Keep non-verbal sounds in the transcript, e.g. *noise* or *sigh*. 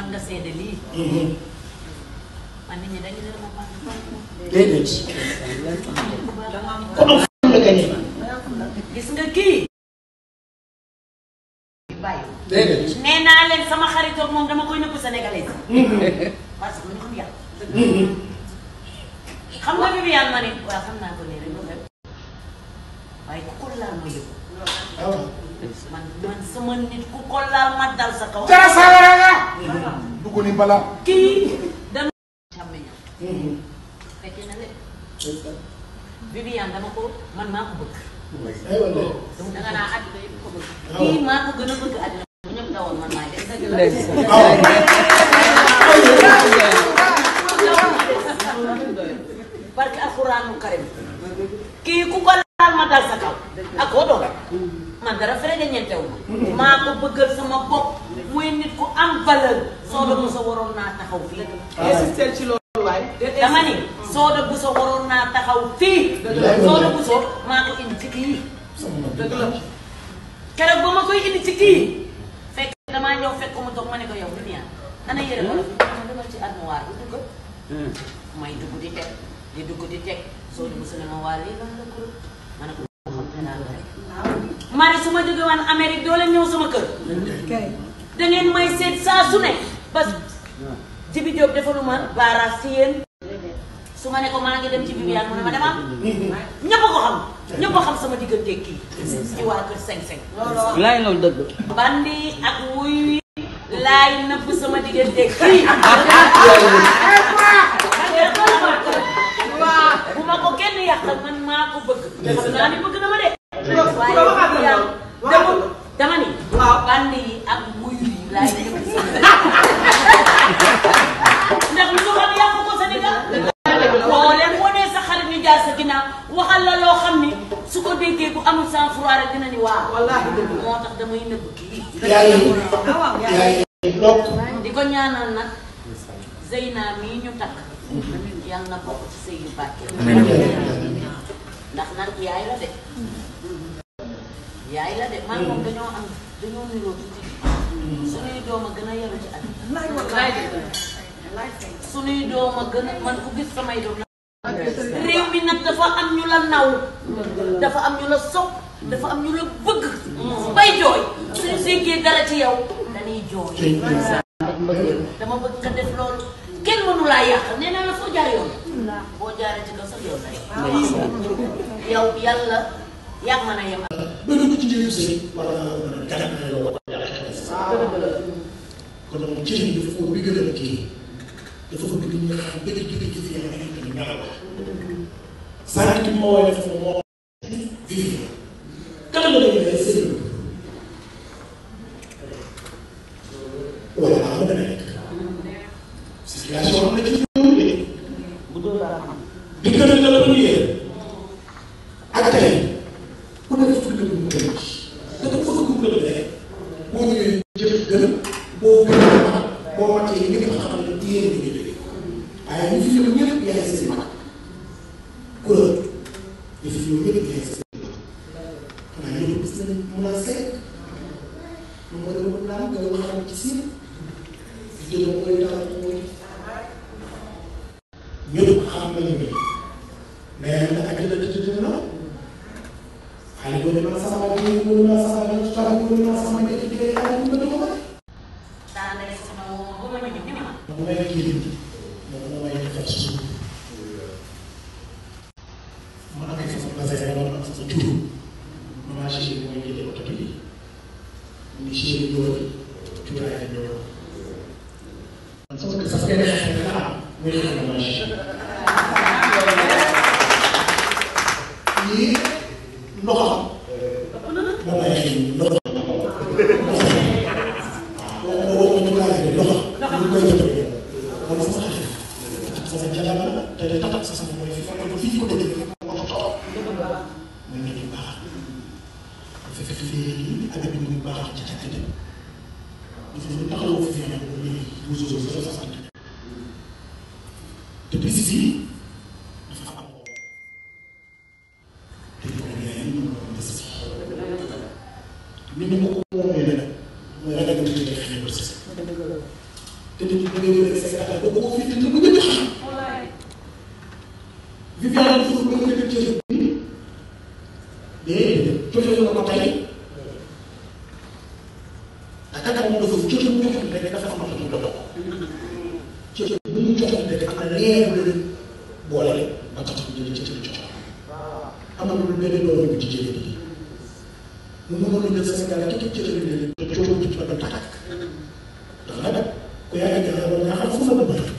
man nga seede mhm. gis nga kii. déedéet. leen sama xarit moom dama koy nëpp Sénégalais. Mhm. parce que ñu man sama nit ku ko laal ma dal sa kaw. dara sa la la. dugg ni bala. kii mhm. dama. ko man maa ko bëgg. da nga naa àddina ko bëgg. kii maa gën a bëgg àddina. bu ñëpp dawoon man maay def. parce que alxuraanu karim kii ku ko laal ma dal sa kaw. ak koo doon. man dara frégañente wu ma maa ko bëggal sama bopp muy nit ku am valeur Soda Bousso waroon naa taxaw fii ah, insister ci loolu maa ko indi ci kii dëgg ba ma koy indi ci kii fekk damaa ñëw fekk ko mu toog ma ne ko yow lu niyaa ana yére wala hmm? ma demal ci armoire bi dugg hmm. may dugg di teg di dugg di teg Soda Bousso ne ma waa lii lan la ko ma ne ko xam ne naa la rek ah, mari su ma jóge wan Amérique doo leen ñëw sama kër da ngeen may seet saa su ne ba hmm. Jibi Diop defaluma baaraas si yéen su ma ne ko maa ngi dem ci biir yàlla mu ma demal. ñëpp a ko xam. ñëpp a xam sama diggante kii. ci waa kër seng *laughs* ma ko dama ni. waaw band yi ak muyul yi laay def ndax lu ñu xam yàqu ko Sénégal. boo leen wonee sa xarit ñu jaar sa ginnaaw waxal la loo xam ni su ko déggee bu amul sang froid rek dina ni waaw. wallaahi dëgg moo tax damay nëbb kii. yaay ah, di ko ñaanal nag Zeyna mii ñu takk. yàlla na bokk ci sëy yu bàkke. ndax nag yaay la de. yaay la de man moom hmm. dañoo am dañoo niroo tuuti. Hmm. suñuy doom a gën a yaru ci at. laaj doom a gën a man ku gis samay doom. réew mi nag dafa am ñu la naw. bay jooy. suñu séggee dara ci yow. dañuy jooy. dama bëgg nga def loolu. kenn mënu yàq nee naa la foo jaar yoon. boo jaaree ci kaw sax yoon la yow yàlla yàgg na yem ci njëriñ si war na gàncax gi la war a yàq saa kon moom ci li dafa ko gën a kii dafa ko gën a xam dëgg dëgg dëgg yi nga xamante ni ñaar la. sànq bi ma woowee dafa moo vivi kan la ñuy def sëriñ wala xam nga nekk situation am na ci ñoom de. bu dul dara xam. diggante la bu yee ak tey. ci xam-xam nag ci yéen ñu jógee waaye ñu fi ñëw ñëpp yaay seen mag kuréel ñu fi ñëw ñëpp yaay seen mag xanaa ñëpp gis nañ mun a seet lu ma doon mun naan nga doon xam ci siin di jël mooy daal mooy ñëpp xam nañu ne mais nag ak dina dina dina la xale boobu dina la saxal ak yéen boobu dina la saxal ak fédération bi nga am muy lii ndox moom la ñu ndox Thank you. déficit dafa am te ñu ko yaayee ñu ko déficit ni ñu ko moomee nag mooy ragal nga tëddee xëy na déficit te nit ñi da ngay jëlee say attaque boo ko fi dindi lu nga xam Viviane Four ba nga dem ci réew mi déedéet joxe na ko tey Dakar moom dafa joxe mu joxe dafa am boole a ba tax ñu jëlee ci seen jox am na lu benn doole bu ci jëlee bi mu mënoon a jël Sénégal ak képp ci réew mi te coono ci ba doon tàkk ndax nag ku yaay ak yàlla war ngaa xam fu fa